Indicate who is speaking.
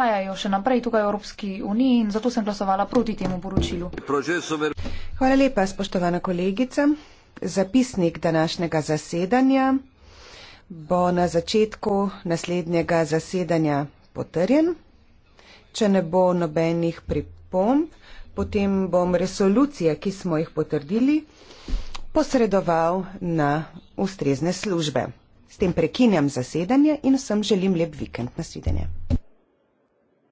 Speaker 1: Hajajo še naprej tukaj v Evropski uniji in zato sem glasovala proti temu poročilu.
Speaker 2: Hvala
Speaker 1: lepa, spoštovana kolegica. Zapisnik današnjega zasedanja bo na začetku naslednjega zasedanja potrjen. Če ne bo nobenih pripomb, potem bom resolucije, ki smo jih potrdili, posredoval na ustrezne službe. S tem prekinjam zasedanje in vsem želim lep vikend. Nasvidenje.